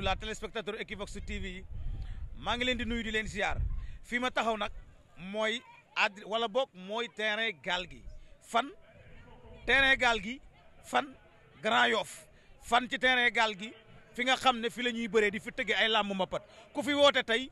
rahmatullah téléspectateur Equivox TV yi maa ngi leen di nuy di leen ziar fii ma taxaw nag mooy ad wala boog mooy terrain gaal gi fan terrain gaal gi fan Grand Yoff fan ci terrain gaal gi fi nga xam ne fi la ñuy bëree di fi tege ay làmb mbapat ku fi woote tey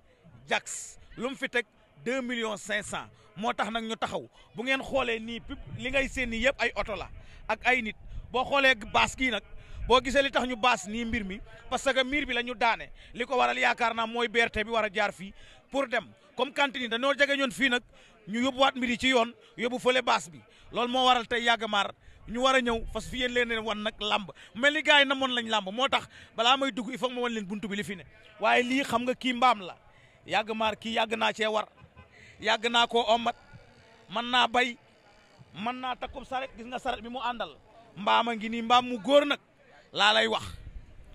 jax lu mu fi teg deux millions cinq cent moo tax nag ñu taxaw bu ngeen xoolee nii pub li ngay seen nii yëpp ay oto la ak ay nit boo xoolee baas gii nag boo gisee li tax ñu baas nii mbir mi parce que miir bi la ñu daane li ko waral yaakaar naa mooy BRT bi war a jaar fii pour dem comme cantine dañoo jege ñoon fii nag ñu yóbbuwaat mbir yi ci yoon yóbbu fole baas bi lool moo waral tey yàgg maar ñu war a ñëw fas fi yéen leen wan nag làmb mel ni gars na moon lañ làmb moo tax balaa may dugg il faut ma wan leen buntu bi li fi ne waaye lii xam nga kii mbaam la yàgg maar kii yàgg naa cee war yàgg naa koo omat man naa bay mën naa takkum saret gis nga saret bi mu àndal mbaama ngi nii mbaam mu góor nag laa lay wax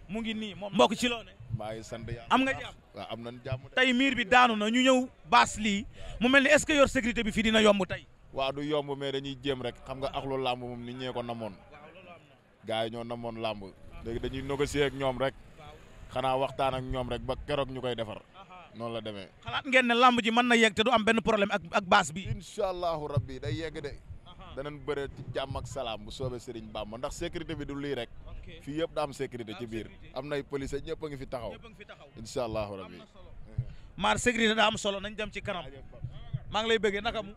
mu ngi nii moom mbokk ci loo ne. maa ngi sant yàlla am na jàmm waaw am nañ jàmm tey miir bi daanu na ñu ñëw baas lii mu mel ni est-ce que sécurité bi fii dina yomb tey. waaw du yomb mais dañuy jéem rek xam nga ak làmb moom nit ñee ko namoon gars yi ñoo namoon làmb léegi dañuy négocier ak ñoom rek xanaa waxtaan ak ñoom rek ba keroog ñu koy defar noonu la demee. xalaat ngeen ne làmb ji mën na yegg te du am benn problème ak ak baas bi. incha allahu rabbi day yegg de. danañ bëre ci jàmm ak salaam bu soobee Serigne Bamba ndax sécurité bi du lii rek. fii yëpp daa am sécurité ci biir am nay police ñëpp a ngi fi taxaw incha allahu rabbi maar sécurité daa am solo nañ dem ci kanam maa ngi lay bëggee naka mu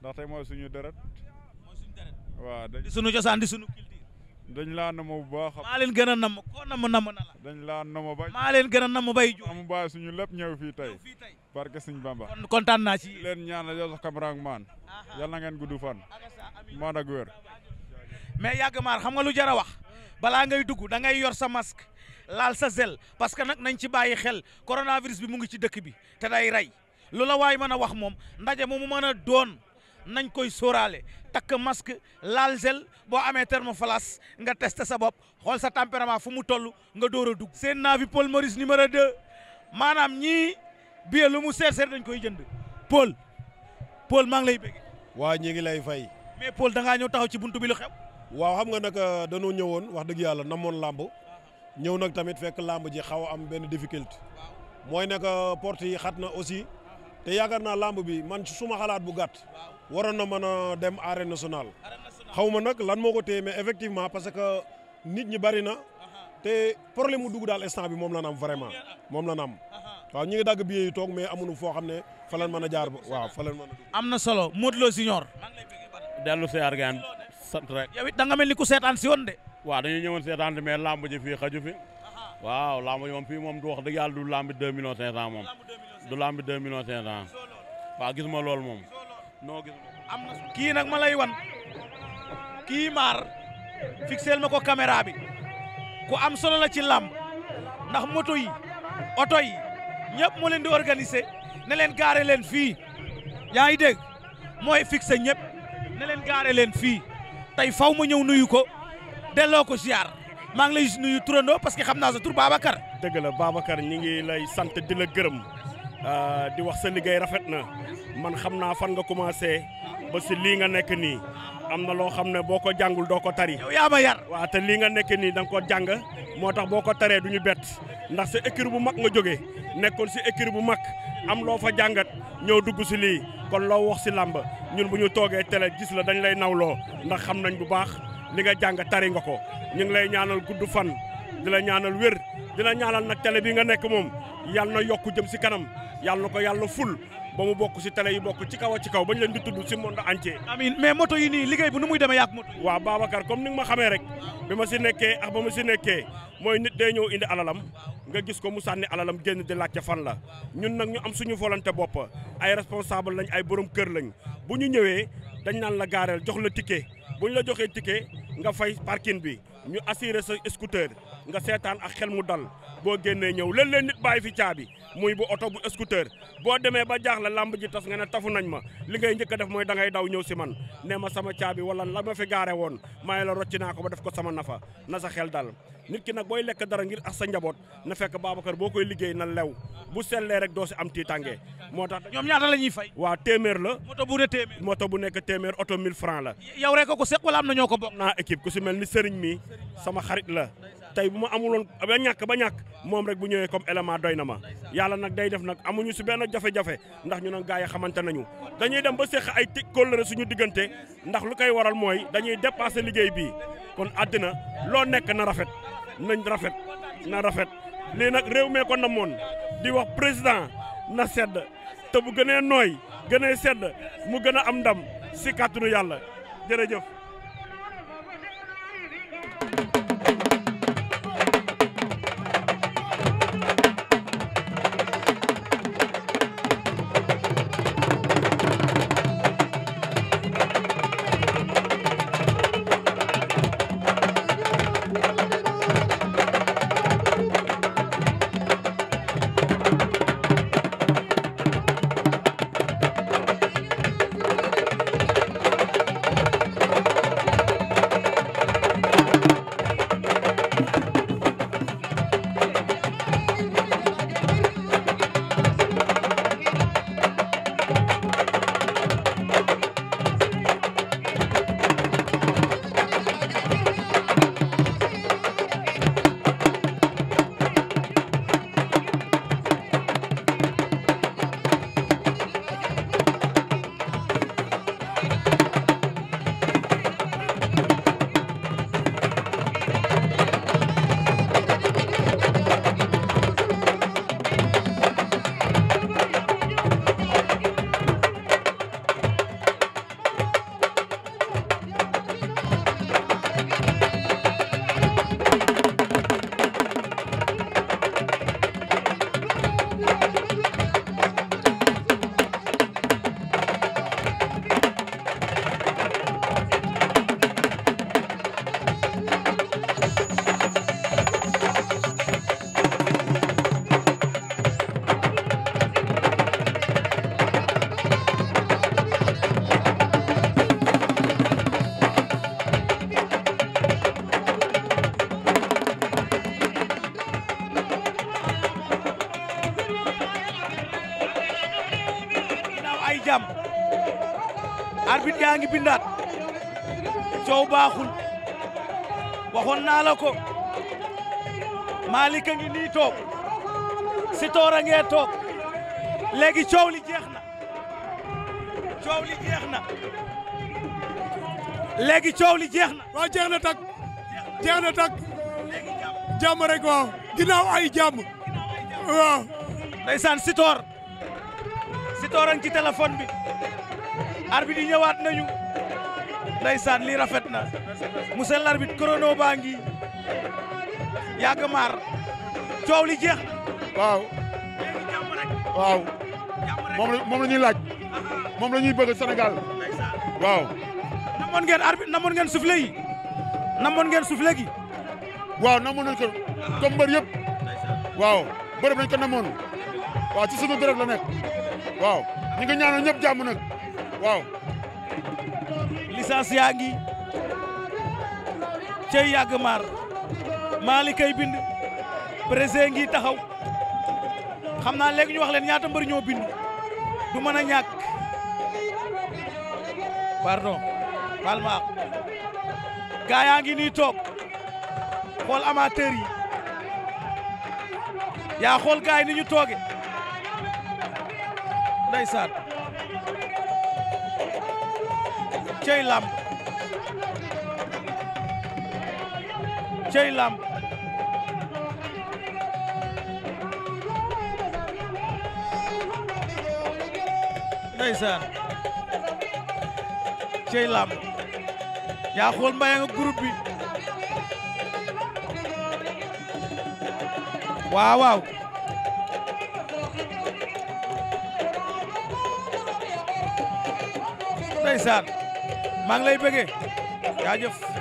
ndax tey mooy suñu deret waaw di suñu cosaan di dañ laa namm bu baax maa leen gën a namm koo namm namm na la dañ laa namm bay maa leen gën a namm bay ju am bàyyi suñu lépp ñëw fii tey barke suñ bamba kon kontaan naa ci leen ñaanal yow sax caméra maan yal na ngeen gudd fan maan ak wér mais yàgg maar xam nga lu jar wax balaa ngay dugg da ngay yor sa masque laal sa zel parce que nag nañ ci bàyyi xel coronavirus bi mu ngi ci dëkk bi te day rey lu la waay mën a wax moom ndaje mu mën a doon nañ koy sooraale takk masque laal zel boo amee thermoflash nga teste sa bopp xool sa tempérament fu mu toll nga door a dugg. seen naa naavi Paul Maurice numéro 2 maanaam ñii billet lu mu seer seer dañ koy jënd Paul Paul maa ngi lay bëgg. waa ñu ngi lay fay. mais Paul da ngaa ñëw taxaw ci bunt bi lu xew. waaw xam nga nag euh, ñëw woon wax dëgg yàlla namoon làmb ñëw nag tamit fekk làmb ji xaw a am benn difficulté mooy nekk euh, port yi xat na aussi te yaakaar naa làmb bi man suma xalaat bu gàtt waroon na mën a dem arène national xaw ma nag lan moo ko téye mais effectivement parce que nit ñi bari na te problème mu dugg daal instant bi moom la am vraiment moom la am waaw ñi ngi dagg billet yi toog mais amuñu foo xam ne fa lañ mën a jaar waaw fa lañ mën a. am na solo Modou Lo Junior. dellu si argaan sant rek. yow it da nga mel ku seetaan si woon de. waaw dañuy ñëwoon seetaan mais lamb ji fii xaju fi waaw lamb ji moom fii moom du wax dëgg yàlla du lambi deux millions cinq cent moom du lambi deux millions cinq cent gis ma loolu moom non kii nag ma lay wan kii maar fixeel ma ko caméra bi ku am solo la ci lamb ndax moto yi oto yi ñëpp moo leen di ne leen gaare leen fii yaa ngi dégg mooy fixé ñëpp ne leen gaare leen fii tey faw ma ñëw nuyu ko delloo ko ziar maa ngi lay nuyu turandoo parce que xam naa sa tur Babacar. dëgg la Babacar ñi ngi lay sant di la gërëm ah, di wax sa liggéey rafet na man xam naa fan nga commencé ba si lii nga nekk nii am na loo xam ne boo ko jàngul doo ko tari. yow yaa ma yar waa te lii nga nekk nii da nga ko jàng moo tax boo ko taree du ñu bett ndax sa écurie bu mag nga jógee nekkoon si écurie bu mag am loo fa jàngat ñëw dugg si lii. kon loo wax si làmb ñun bu ñu toogee tele gis la dañ lay nawloo ndax xam nañ bu baax li nga jàng tari nga ko ñu ngi lay ñaanal gudd fan di la ñaanal wér dina ñaanal nag tele bii nga nekk moom yàll na yokk jëm si kanam yàlla ko yàlla ful ba mu bokk si tale yi bokk ci kaw a ci kaw bañ leen di tudd si monde entier. amiin moto yi nii liggéey bu nu muy demee yàgg moto yi. waaw Babacar ni ma xamee rek bi ma si nekkee ak ba ma si nekkee mooy nit day ñëw indi alalam nga gis ko mu sànni alalam génn di laajte fan la ñun nag ñu am suñu volonté bopp ay responsable lañ ay borom kër lañ bu ñu ñëwee dañ naan la gaareel jox la ticket bu ñu la joxee ticket nga fay parking bi. ñu assuré sa scooter nga seetaan ak xel mu dal boo génnee ñëw leen leen nit bàyyi fi caabi muy bu oto bu scooter boo demee ba jaax la làmb ji tas nga ne tafu nañ ma li ngay njëkk def mooy da ngay daw ñëw si man nee ma sama caabi wala la ma fi gaare woon maay la rocci naa ko ba def ko sama nafa na sa xel dal nit ki nag booy lekk dara ngir ak sa njaboot na fekk Babacar boo koy liggéey na lew bu sellee rek doo si am tiitange moo tax. ñoom ñaata la ñuy fay. waa téeméer la. moto bu ne moto bu nekk téeméer oto 1000 francs la. yow rek ko seq am na ñoo ko bokk. naa équipe ku si mel ni Serigne mi sama xarit la tey bu ma amuloon ba ñàkk ba ñàkk moom rek bu ñëwee comme élément doy na ma yàlla nag day def nag amuñu si benn jafe-jafe ndax ñu ne gaa yi xamante nañu dañuy dem ba séq ay tëj kóllëre suñu diggante ndax lu koy waral mooy dañuy dépassé liggéey bi kon àddina loo nekk na rafet nañ rafet na rafet lii nag réew mee ko namoon di wax président na sedd te bu gënee nooy gën a sedd mu gën a am ndam si kàttanu yàlla jërëjëf naa la ko Malick a ngi nii toog Sitor a ngee toog léegi coow li jeex na coow li jeex na léegi coow li jeex na. waaw jeex na tak jeex na tak jàmm rek waaw ginnaaw ay jàmm waaw. ndeysaan Sitor Sitor a ngi ci téléphone bi arbitre yi ñëwaat nañu ndeysaan li rafet na monsieur l'arbitre chrono baa ngi. yàgg maar coow li jeex waaw moom la moom la ñuy laaj moom la ñuy bëgg Sénégal waaw namoon ngeen arbitre namoon ngeen soufflé yi namoon ngeen soufflé gi waaw namoon nañ ko comme mbër yëpp waaw bërëb nañ ko namoon waaw ci suñu dërëb la nekk waaw ñu ngi ñaanal ñëpp jàmm nag waaw licence yaa ngi cey yàgg maar Malick ay bind Brésil ngi taxaw xam na léegi ñu wax leen ñaata mbër ñoo bind du mën a ñàkk pardon baal ma ak yaa ngi nii toog xool amateur yi yaa xool gaa ni ñu tooge ndeysaan cey làmb cey làmb ndeysaan cey làmb yaa xool mbaya nga groupe bi waaw waaw ndeysaan maa ngi lay bëggee jaajëf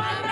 Palma.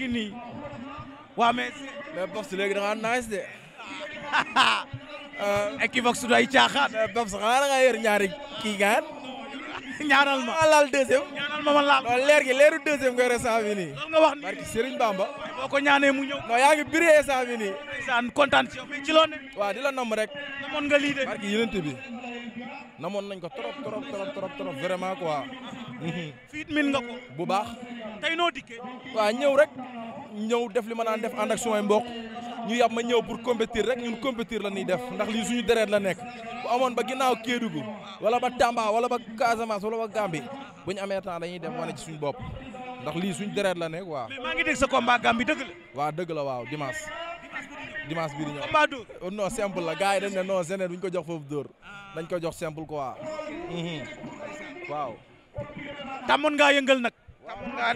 ngi nii waaw mais. mais Babs léegi da ngaa nice de. Equivox su day caaxaan. mais Babs xanaa da ngaa ñaanal ma laal deuxième ma ma leer gi leeru deuxième nga restant bi nii loolu nga wax ni barki Serigne Bamba boo ko ñaanee mu ñëw non yaa ngi biree instant bi nii saan kontaan ci yow loo di la namm rek namoon nga lii de barki yëlante bi namoon nañ ko trop trop trop trop trop vraiment quoi mhm. fiit min nga ko bu baax tey noo dikkee waaw ñëw rek ñëw def li ma naan def ànd ak sumay mbokk ñu yàpp ma ñëw pour compétir rek ñun compétir la ñuy def ndax lii suñu deret la nekk bu amoon ba ginnaaw Kédougou wala ba Tamba wala ba Casamance wala ba Gambie bu ñu amee temps dañuy dem wane ci suñu bopp ndax deret la nekk wa mais maa ngi dégg sa combat Gambie dëgg la. waaw dëgg la waaw dimanche. dimanche bii di ñëw combat dóor. Oh, non simple la gars yi dañ no non Zénith duñ ko jox foofu dóor dañ ko jox simple quoi. Mhm. waaw. tàmmoon ngaa yëngal nag. xamoon nga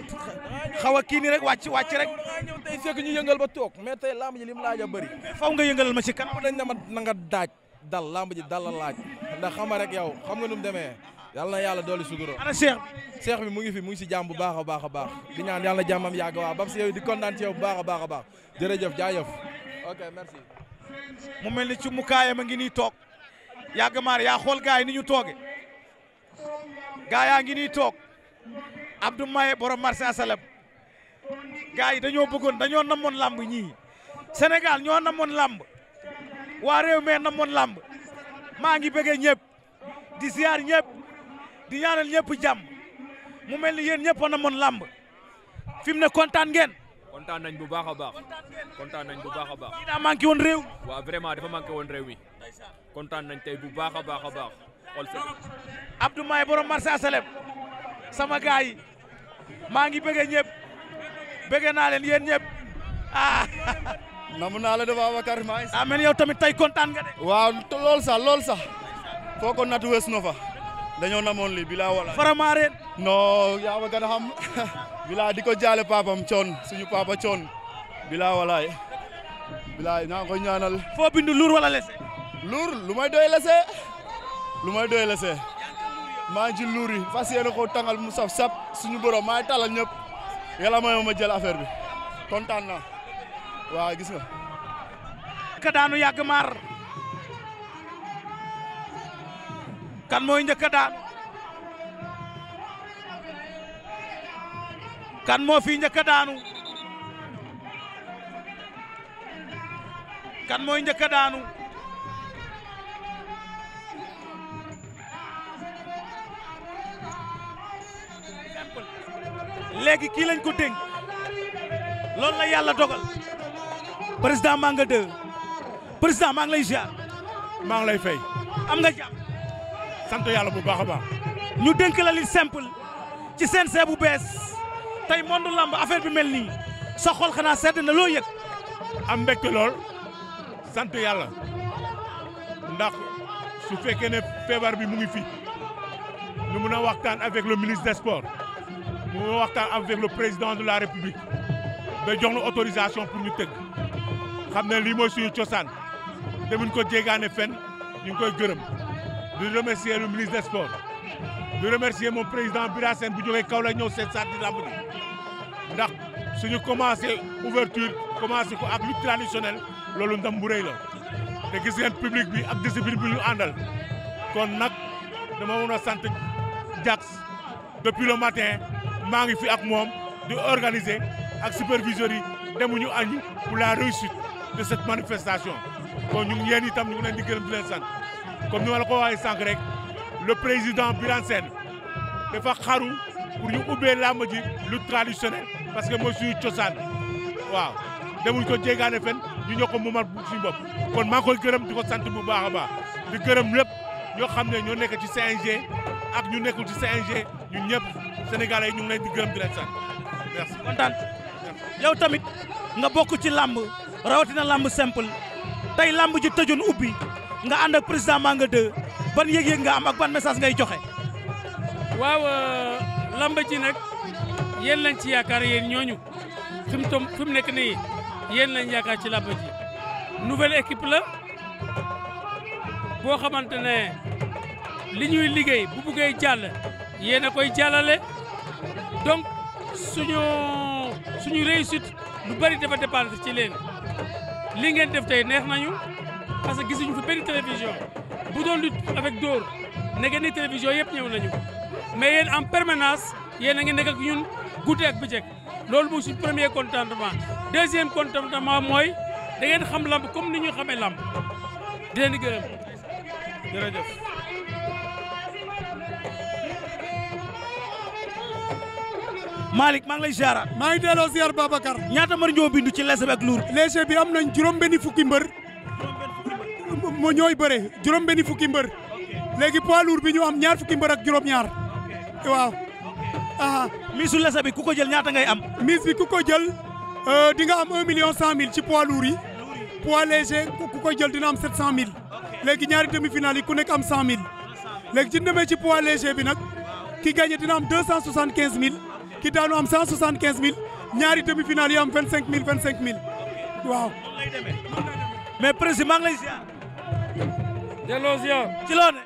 xaw a kii nii rek wàcc wàcc rek ñëw tey fekk ñu yëngal ba toog mais tey lamb ji li mu laaj a bëri faw nga yëngalal ma ci kanam dañ na ma na nga daaj dal lamb ji dal la laaj ndax xama rek yow xam nga nu mu demee yàlla na yàlla dooli suguró ana seex seex bi mu ngi fi mu ngi si jàmm bu baax a baax a baax di ñaan yàlla na jàmmam yàgg waa bam si yow di kontaan ci yow bu baax a baax a baax jërëjëf jaajëf ok merci mu mel ni ci mu kaayam a ngi nii toog yàgg maar yaa xool gars yi ni ñu tooge yaa ngi nii toog Abdou Maye borom marché asalam gars yi dañoo bëggoon dañoo namoon làmb ñii Sénégal ñoo namoon làmb waa réew mee namoon làmb maa ngi bëggee ñëpp di ziar ñëpp di ñaanal ñëpp jàmm mu mel ni yéen ñëpp a namoon làmb fi mu ne kontaan ngeen. kontaan nañ bu baax a baax kontaan nañ bu baax a baax. lii daa manqué réew. waaw vraiment dafa manqué woon réew mi kontaan nañ tey bu baax a baax a baax. Abdou Maye borom marché sama gars maa ngi bëggee ñëpp bëggee naa leen yéen ñëpp ah. namu naa la de Babacar maa ngi. ah mais yow tamit tey kontaan nga de. waaw lool sax lool foo ko natt weesu na dañoo namoon li bilaa wala. vraiment ren. non yaa ma bilaa di ko jaale papam coon suñu papa coon. bilaa walaay. bilaa naa ko ñaanal. foo bindu luur wala lese. luur lu doy lese. lu may doy lese. maa ngi ci fas yéene koo tàngal mu saf sap suñu borom maa ngi ñëpp yàlla mooy ma jël affaire bi kontaan na waaw gis nga. ka daanu yàgg kan mooy njëkk a kan moo fi njëkk kan mooy njëkk a daanu léegi kii lañ ko dénk loolu la yàlla dogal président maa nga dë président maa ngi lay ziar. maa ngi lay fay. am nga jàpp. sant yàlla bu baax a baax. ñu dénk la li simple ci CNG bu bees tey monde lamb affaire bi mel nii sa xol xanaa sedd na loo yëg. am mbégte lool sant yàlla ndax su fekkee ne feebar bi mu ngi fi ñu mun a waxtaan avec le ministre des sports. mu nga waxtaan avec le président de la république ba jox nu autorisation pour ñu tëgg xam ne lii mooy suñu cosaan demuñ ko jéegaane fen ñu ngi koy gërëm di remercier le ministre des sports di remercier mon président Bira Sène bu kaw la ñëw seet saat di làmb ji ndax suñu commencé ouverture commencé ko ak lutte traditionnelle loolu ndam bu rëy la gis ngeen public bi ak discipline bi ñu àndal kon nag dama mën a sant Jax depuis le matin maa ngi fi ak moom di organiser ak superviseurs yi demuñu añi pour la réussite de cette manifestation kon ñu ngi tam itam ñu ngi leen di leen sant comme ni ma ko waxee sànq rek le président Birane Sène dafa xaru ñu ubbee làmb ji lu traditionnel parce que mooy suñu cosaan waaw demuñ ko jéegaane fen ñu ñoo ko moomal suñu bopp kon maa ngi koy gërëm ko sant bu baax a baax di gërëm lépp ñoo xam ne ñoo nekk ci CNG ak ñu nekkul ci CNG ñun ñëpp sénégalais yi ñu ngi leen di gërëm di leen yow tamit nga bokk ci làmb rawatina làmb simple tey làmb ji tëjoon ubbi nga ànd ak président Manga 2 ban yëg-yëg nga am ak ban message ngay joxe waaw euh, làmb ji nag yéen lañ ci yaakaar yéen ñooñu fi mu mu nekk nii yéen lañ yaakaar ci làmb ji nouvelle équipe la boo xamante ne li ñuy liggéey bu buggee yéen a koy jàllale donc suñu suñu réussite lu bari dafa dépendre ci leen li ngeen def tey neex nañu parce que gisuñu fi benn télévision bu doon lutte avec dóor ne ngeen ni télévision yëpp ñëw nañu mais yéen en permanence yéen a ngi nekk ak ñun guddi ak bëccëg loolu mooy suñu premier contentement deuxième contentement mooy da ngeen xam lamb comme ni ñu xamee lamb di leen di gërëm jërëjëf Malick maa ngi lay ziaraat maa ngi delloo ziar Babacar ñaata mbër ñoo bindu ci léger bi ak lourd léger bi am nañ juróom benni fukki mbër mo juróom benni fukki mbër léegi poids lourd bi ñu am ñaar fukki mbër ak juróom ñaar waaw aa miisu léger bi ku ko jël ñaata ngay am miis bi ku ko jël euh, di nga am un million cent mille ci poids lourd yi poids léger ku ko jël dina am sept cent mille léegi ñaari demi-finale yi ku nekk am cent mille léegi ci demee ci poids léger bi nag ki gagné dina am deux cent soixante quinze mille ki daanu am cent soixante quinze mille ñaari demi finale yi am vingt cinq waaw. mais président maa ngi lay ziar. delloo ziar. ci loo ne.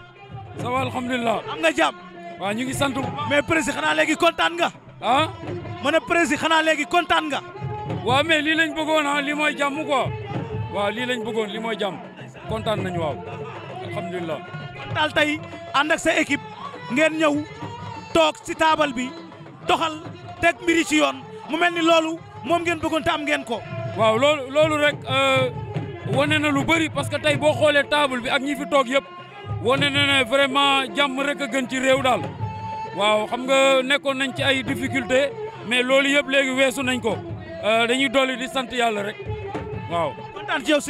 ça va am nga jàmm. waaw ñu ngi sant. mais président xanaa léegi kontaan nga. ah. ma ne président xanaa léegi kontaan nga. waaw mais lii lañ bëggoon ah lii mooy jàmm quoi. waaw lii lañ bëggoon lii mooy jàmm kontaan nañu waaw alhamdulilah. daal tey ànd ak sa ngeen ñëw toog si taabal bi. doxal teg mbiri ci yoon mu mel ni loolu moom ngeen bëggoon te am ngeen ko. waaw loolu loolu rek euh, wone na lu bëri parce que tey boo xoolee taabul bi ak ñi fi toog yëpp wane na ne vraiment jàmm rek a gën ci réew daal waaw xam nga nekkoon nañ ci ay difficulté mais loolu yëpp léegi weesu nañ ko euh, dañuy dolli di sant yàlla rek waaw. kontaan ci yow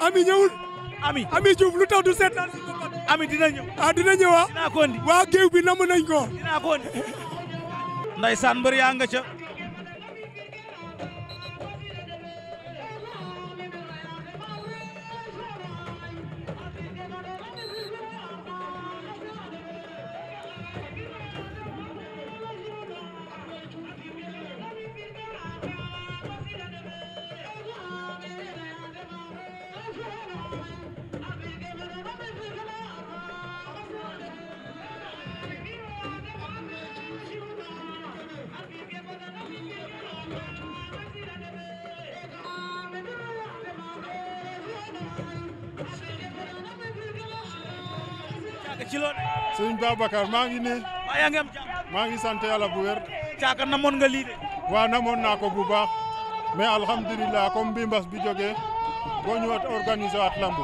ami ñëwul. ami ami lu tax du seetaan ami dina ñëw. ah dina ah. waa géew bi namm nañ ko. dinaa ko indi. mbër yaa nga ca. ci loo ne. sëñ maa ngi nii. maa ngi sant yàlla bu wér. caaka moon nga lii waa waaw namoon naa ko bu baax. mais alhamdulilah comme bi mbas bi jógee boo ñëwaat organisé waat lamb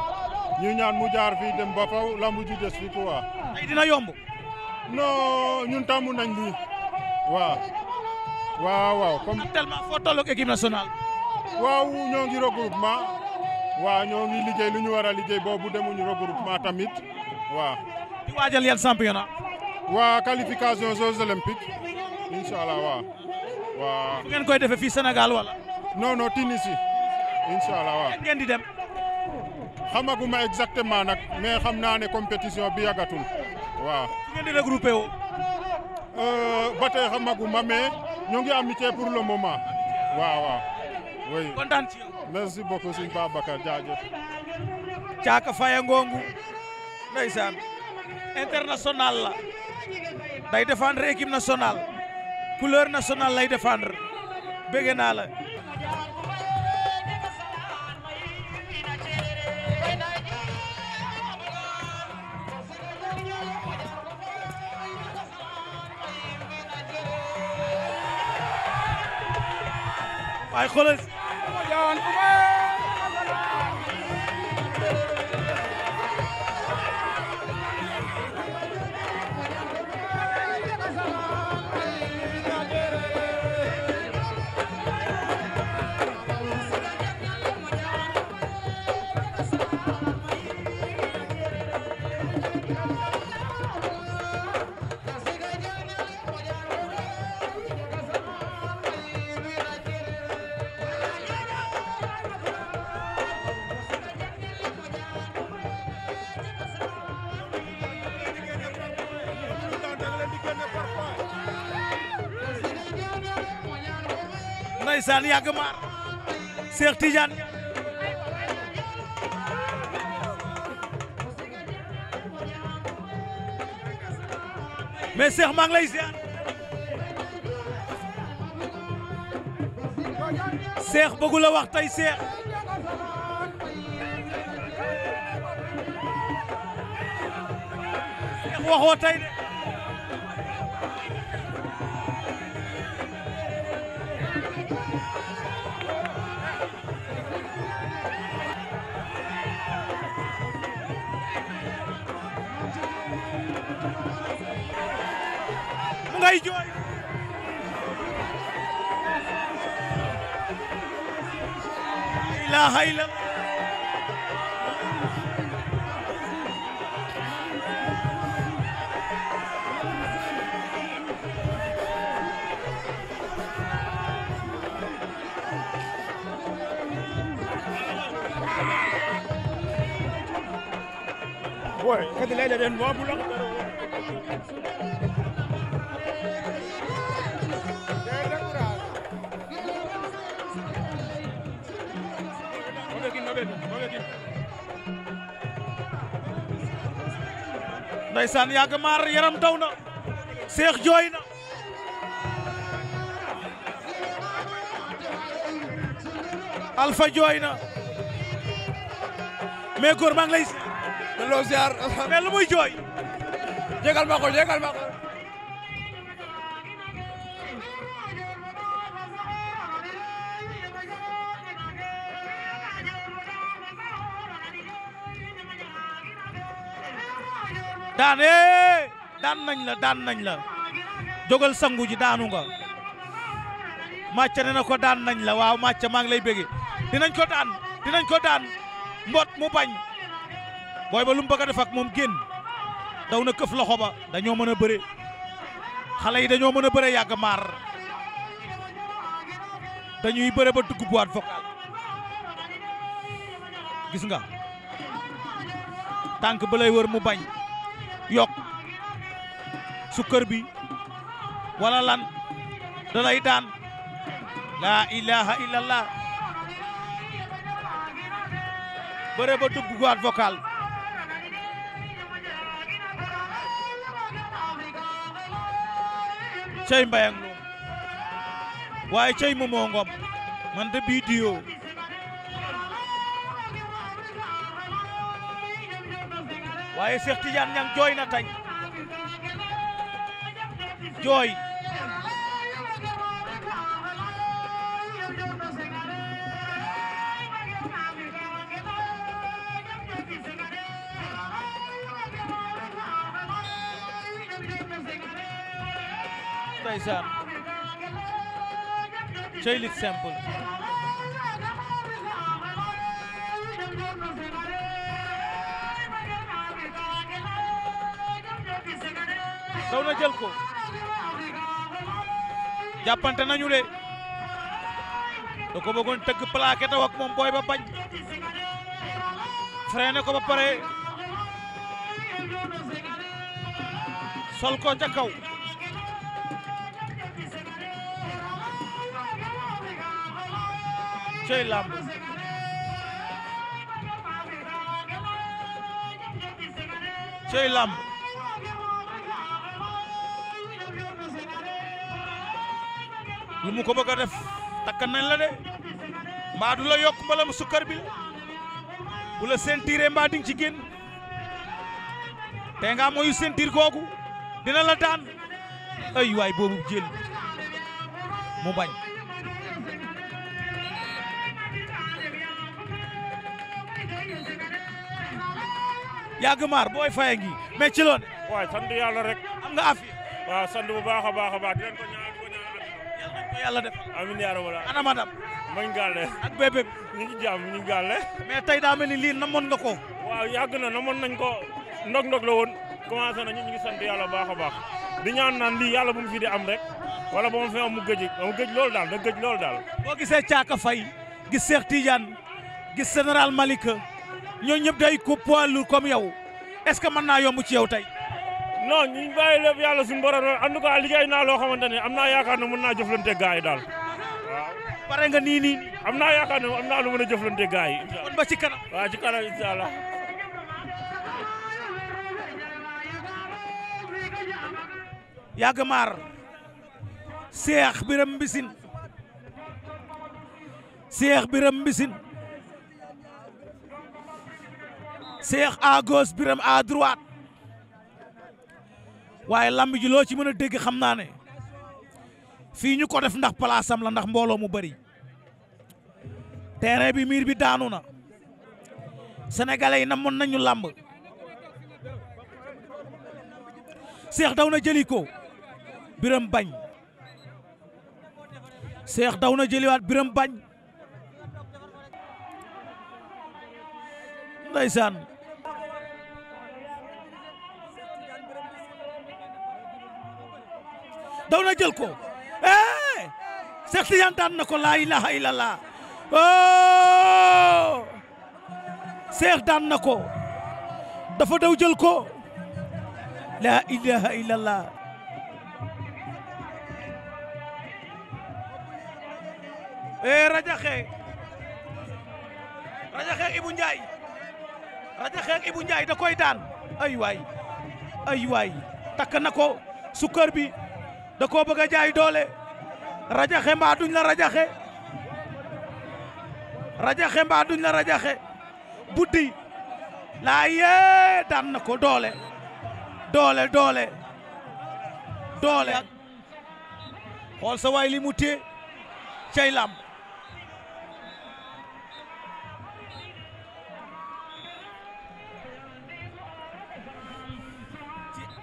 ñu ñaan mu jaar fii dem ba faw lamb ju fi quoi. ay dina yomb. non ñun tàmm nañ lii. waaw. waaw waaw comme. actuellement foo toll waaw ñoo ngi regroupement. waaw ñoo ngi liggéey lu ñu war a liggéey boobu demuñu regroupement tamit waaw. waajal yan championnat. waa qualification jeux olympiques incha allah waaw. waa fu ngeen koy defee fii Sénégal wala. non allah waaw. ngeen di dem. xamaguma exactement nag mais xam naa ne compétition bi yàggatul waaw. fu ngeen di regroupé woo. Euh, ba xamaguma mais ñoo ngi amitié pour le moment waaw waaw. oui kontaan ci yow. merci beaucoup Caaka Faye Ngongu ndeysaan international la day défendre équipe nationale couleur nationale lay défendre bëgg naa la ndeysaan yàgg maar Cheikh Tidiane mais Cheikh maa ngi lay ziar Cheikh bëggu wax tey Cheikh ilaha illallah Boy, kati lay da den wa bu la ndeysaan yàgg maar yaram taw na seex jooy na alfa jooy na mais góor maa ngi lay. delloo ziar. muy jooy. jégal ma ko jégal ma ko. daan nañ la daan nañ la jógal sangu ji daanu nga màcca ne na ko daan nañ la waaw màcca maa ngi lay bége dinañ ko daan dinañ ko daan mbot mu bañ booy ba lum mu bëgg a def ak moom génn daw na këf loxo ba dañoo mën a bëre xale yi dañoo mën a bëre yàgg dañuy bëre ba dugg boîte vocale gis nga tànk ba lay wër mu bañ yokk sukkër bi wala lan da lay daan laa ilaha illallah bëre ba dugg waat vocal cey mbayang moom waaye cey moomoo ngom man de bii diyoo waaye Cheikh Tidiane ñang jooy na tañ jooy ndeysaan cey lit simple daw na jël ko jàppante nañu de da ko bëggoon tëgg plaqué taw ak ba bañ freiné ko ba pare sol ko ca kaw cey làmb lu mu ko bëgg a def takkan nañ la de mbaa du la yokk mbala mu sukkar bi bu la sentiree mbaa di ci génn te nga mooyu sentir googu dina la daan ay boobu jël mu bañ yàgg maar booy faye ngi mais loon waay sant yàlla rek am nga afi waaw sant bu baax a baax a baax ko yàlla def amiin yaa rabbal ana madam mañ ak bébé ñu ngi jàmm ñu ngi gàlle mais tey daa mel ni lii namoon nga ko waaw yàgg na namoon nañ ko ndog ndog la woon commencé nañu ñu ngi sant yàlla baax a baax di ñaan naan lii yàlla bu mu fi di am rek wala ba mu fi am mu gëj loolu daal da gëj loolu daal boo gisee Thiaka Faye gis Cheikh Tidiane gis général Malika ñoo ñëpp day ku poids ko comme yow est-ce que mën naa yomb ci yow tey non ñu bàyyi lépp yàlla suñu borom en tout cas liggéey naa loo xamante ne am naa yaakaar ne mën naa jëflante gars yi daal waaw. pare nga nii am naa yaakaar ne am naa lu mën a ci kanam. waaw ci kanam incha allah. yàgg maar seex biram mbisin seex biram mbisin seex à biram à waaye làmb ji loo ci mën a dégg xam naa ne fii ñu ko def ndax place am la ndax mbooloo mu bari terrain bi miir bi daanu na sénégalais yi namoon nañu làmb seex daw na jëli ko biram bañ seex daw na jëliwaat biram bañ ndeysaan daw na jël ko eh Cheikh Tidiane daan na ko laa ilaha illallah oh Cheikh daan na ko dafa daw jël ko laa ilaha illallah eh rajaxe rajaxe Ibou Ndiaye rajaxe Ibou Ndiaye da koy daan ay waay ay waay takk na ko sukër bi da koo bëgg a jaay doole rajaxe mbaa duñ la rajaxe rajaxe mbaa rajaxe buddi laa yee daan na ko doole doole doole doole xool sa waay li mu téye cay làmb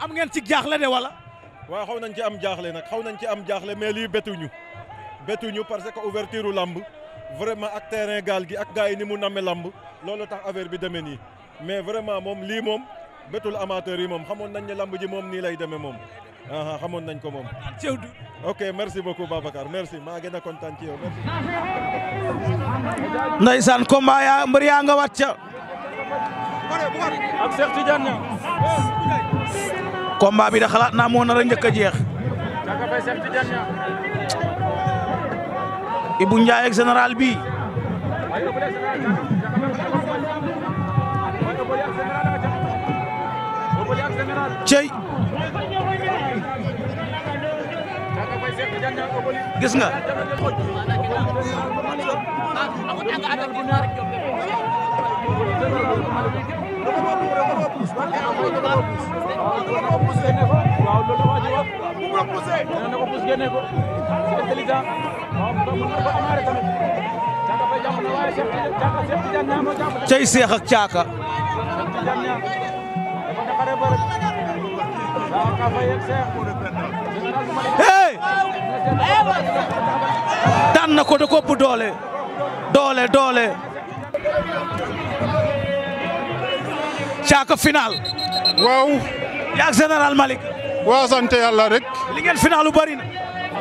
am ngeen ci jaaxle de wala waaw xaw nañ ci am jaaxle nag xaw nañ ci am jaaxle mais lii bettuñu betuñu parce que ouverture làmb vraiment ak terrain gaal gi ak gars yi ni mu namme lamb loolu tax affaire bi deme nii mais vraiment moom lii moom bettul amateur yi moom xamoon nañ ne lamb ji moom nii lay demee moom xamoon nañ ko moom ok merci beaucoup Babacar merci maa gën a kontaan ci yow merci ndeysaan yaa mbër yaa nga wàcc ak Cheikh combat bi da xalaat naa moo nar a njëkk a jeex Ibou Ndiaye ak bi cey gis nga cey seex ak caaka hey daan na ko da ko doole doole doole caaka final. waaw. yaa général Malick. waaw sant yàlla rek. li ngeen final lu bari na.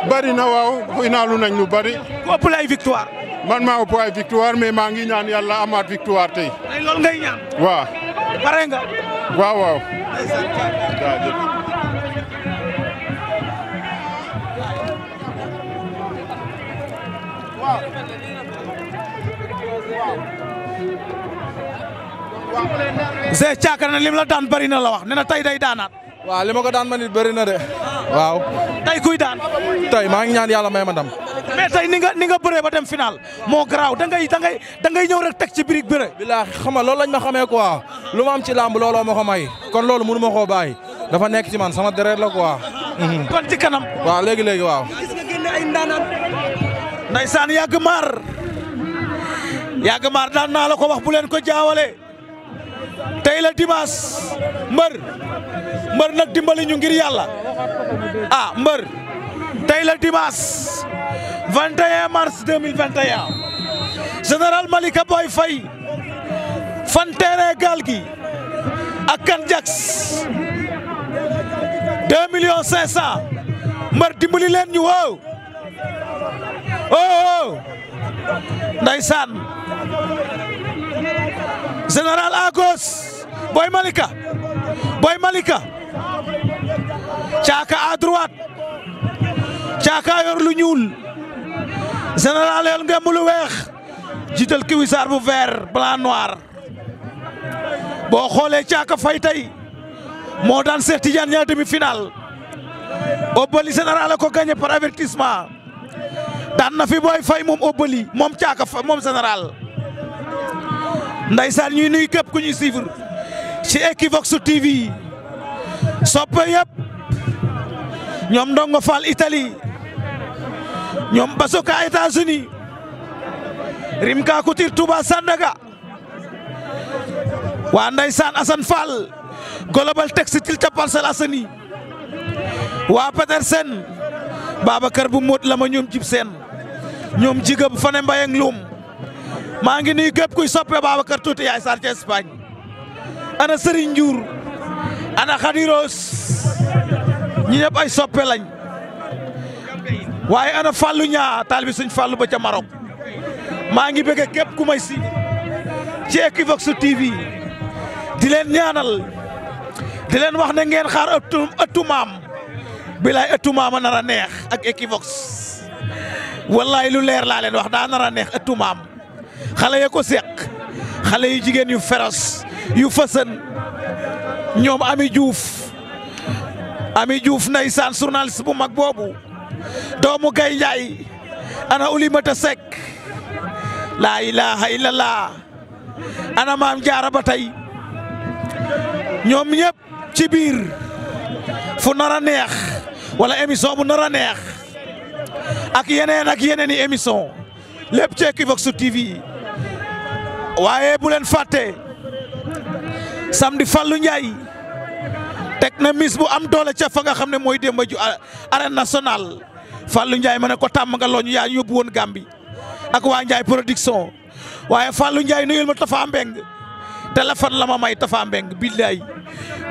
bari na waaw finalu nañ lu bari. ku ëpp ay victoire. man maa ëpp ay victoire mais maa ngi ñaan yàlla amaat victoire tey. tey loolu waaw. waaw. Zé Thiaka ne lim la daan bëri na la wax ne na tey day daanaat. waaw li ma ko daan ma nit bëri na de waaw. tey kuy daan. tey maa ngi ñaan yàlla may ma ndam. mais tey ni nga ni ba dem final moo garaaw da ngay da ngay da ngay ñëw rek teg ci birig bëre. bilaa xam nga loolu lañ ma xamee quoi lu ma am ci làmb looloo ma ko may kon loolu mënu ma koo bàyyi dafa nekk ci man sama deret la quoi. Mhm. kon ci kanam. waaw léegi léegi waaw. gis nga génne ay ndaanaan. ndaysaan yàgg maar daan naa la ko wax bu tey la dimanche mbër mbër nag dimbali ñu ngir yàlla ah mbër tey la dimanche 21 mars 2021 général Malika Boy Faye fan terrain gaal gi ak kan jaks 2 millions 500 mbër dimbali leen ñu woow oo ndeysaan général à gauche Boy Malika Boy Malika Thiaka à droite Thiaka lu ñuul général yor ngemb lu weex jiital kiwisaar bu vert blanc noir boo xoolee Thiaka Faye tey moo daan Cheikh Tidiane Niang demi-finale général a ko par avertissement daan na fi Boy Faye moom Obali moom Thiaka Faye moom général ndeysaan ñuy nuyu képp ku ñuy suivre ci Equivox TV yi soppe ñoom Ndongo Fall Italie ñoom Basoka États-Unis Rimka Couture Touba Sandaga waa ndeysaan Assane Fall Global Textile ca Parcelles Assainies waa Petersen Babacar bu móot la ma ñoom jib seen ñoom jigab fane mbayeng luum maa ngi nuyu képp kuy soppe Babacar Tuuti yaay sar ci Espagne ana Serigne njur ana Khadiros ñi ñëpp ay soppe lañ waaye ana Fallou ñaa taal bi suñ Fallou ba ca Maroc maa ngi bëgg képp ku may si ci Equivox TV di ñaanal di leen wax ne ngeen xaar ëttu ëttu maam bilaay ëttu a nar neex ak Equivox wallaay lu leer laa leen wax daa nar a neex ëttu xale ya ko seq xale yu jigéen yu feros yu fësën ñoom Ami Diouf Ami nay ndeysaan journaliste bu mag boobu doomu gaynjaay Ndiaye ana Oulimata Seck laa ilaha illallah ana maam jaara ba tey ñoom ñëpp ci biir fu nar a neex wala émission bu nar a neex ak yeneen ak yeneeni i émission lépp ci Equivox TV waaye bu leen fàtte samdi Fallou Ndiaye teg na mis bu am doole ca fa nga xam ne mooy démba ju arène nationale Fallou njaay ma ne ko tàmm nga looñu yaa yóbbu woon Gàmbi ak waa Ndiaye production waaye Fallou Ndiaye nuyul ma Tafa Mbeng téléphone la ma may Tafa Mbeng billaay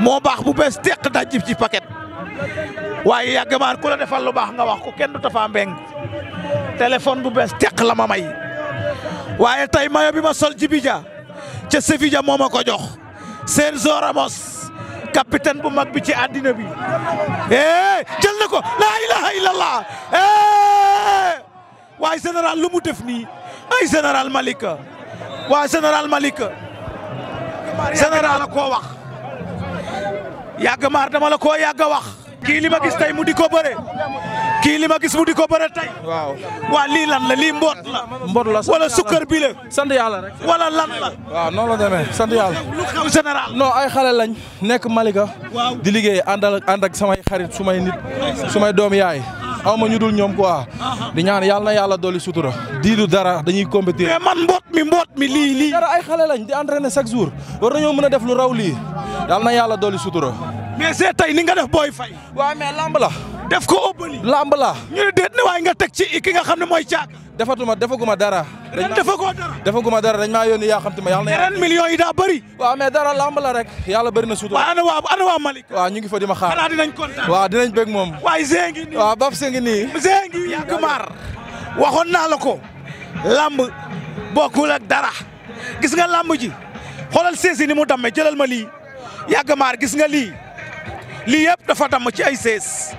moo baax bu bees teq dajib ci paquet waaye yàgg maar ku la defal lu baax nga wax ko kenn du Tapha Mbeng téléphone bu bees teq la ma may waaye tay mayo bi ma sol ci Djiby Dia ca Sevilla moom a ko jox Sergio Ramos capitaine bu mag bi ci àddina bi eh jël na ko la ilaha illallah eh waaye général lu mu def nii ay général Malika waaye général Malika général ko wax yàgg maar dama la ko yàgg a wax. kii li ma gis tey mu di ko bëre kii li ma gis mu di ko bëre tey. waaw waa lii lan la lii mboot la. mboot la wala sukkar bi la. sant yàlla rek lan la. waaw noonu la demee sant yàlla. lu xew ay xale lañ nekk Malika. di liggéey ànd ak ànd ak samay xarit may nit sumay doom yaay. aw ma ñu dul ñoom quoi di ñaan yàlla na yàlla dolli sutura diidu dara dañuy compétir mais man mboot mi mboot mi lii lii dara ay xale lañ di entraîner chaque jours war nañoo mën a def lu raw lii yàlla yàlla dolli sutura mais c'est tey ni nga def Boy Faye. waaw mais lamb la. def ko ëppali. lamb la. ñu ne déet ne waaye nga teg ci ki nga xam ne mooy caag. defatuma defaguma dara. dañ ma defagoo dara. defaguma dara dañ maa yónni yaa xam te ma yàlla na. ren millions yi daa bëri. waaw mais dara lamb la rek. yàlla bëri na sutura. waaw ana waa ana waa Malick. waaw ñu ngi fa di ma xaar. xanaa dinañ kontaan. waaw dinañ bëgg moom. waay Zengi nii waaw Baf Zengi nii. Zengi yàgg maar. waxoon naa la ko. lamb bokkul ak dara. gis nga lamb ji xoolal seesi ni mu dammee jëlal ma lii yàgg maar gis nga lii lii yëpp dafa damm ci ay sees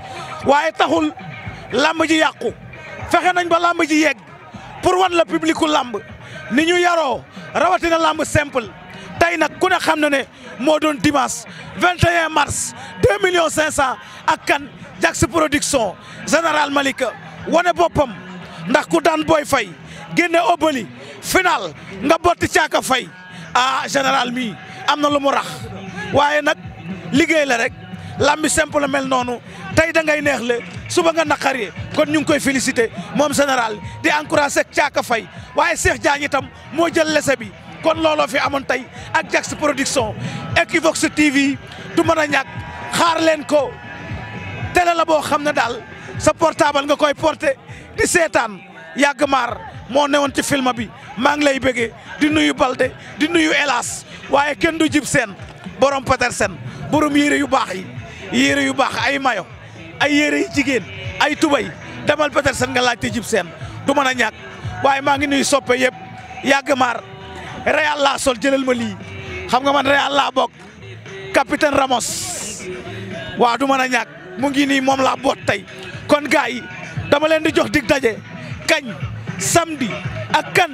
waaye taxul làmb ji yàqu fexe nañ ba làmb ji yegg pour wan la publicu làmb ni ñu yaroo rawatina làmb simple tey nag ku ne xam na ne moo doon dimanche 21 mars 2 millions 500 ak kan Jax production général Malika wane boppam ndax ku daan booy fay génne obali final nga botti caaka fay ah général mi am na lu mu rax waaye nag liggéey la rek. lambi simple mel noonu tey da ngay neex le suba nga naqaree kon ñu ngi koy féliciter moom général di encourager Caaka Fay waaye Cheikh Diagne itam moo jël lese bi kon looloo fi amoon tey ak Jax production Equivox TV du mën a ñàkk xaar leen ko télé la boo xam ne daal sa portable nga koy porté di seetaan yàgg maar moo newoon ci film bi maa ngi lay bëggee di nuyu Balde di nuyu Elas waaye kenn du jib seen borom Petersen borom yére yu baax yi. yéere yu baax ay mayo ay yére yu jigéen ay tubay demal Petersen nga laajte jib seen du mën a ñàkk waaye maa ngi nuyu soppe yëpp yàgg maar Real laa sol jëlal ma lii xam nga man Real laa bokk capitaine Ramos waaw du mën a ñàkk mu ngi nii moom laa boot tey kon gars dama leen di jox dig daje kañ samedi ak kan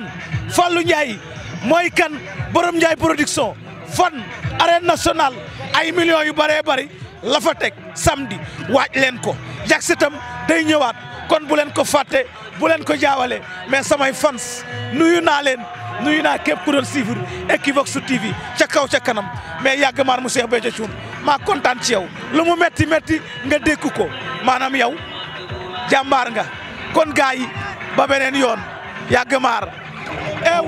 Fallou Ndiaye mooy kan borom Ndiaye production fan arène nationale ay millions yu bëree bëri la fa teg samedi waaj leen ko Jax itam day ñëwaat kon bu leen ko fàtte bu leen ko jaawale mais samay fans nuyu naa leen nuyu naa képp ku doon suivre Equivox ca kaw ca kanam mais yàgg maar mu Cheikh Béthio Thioune maa kontaan ci yow lu mu metti metti nga dékku ko maanaam yow jàmbaar nga kon gars ba beneen yoon yàgg maar eh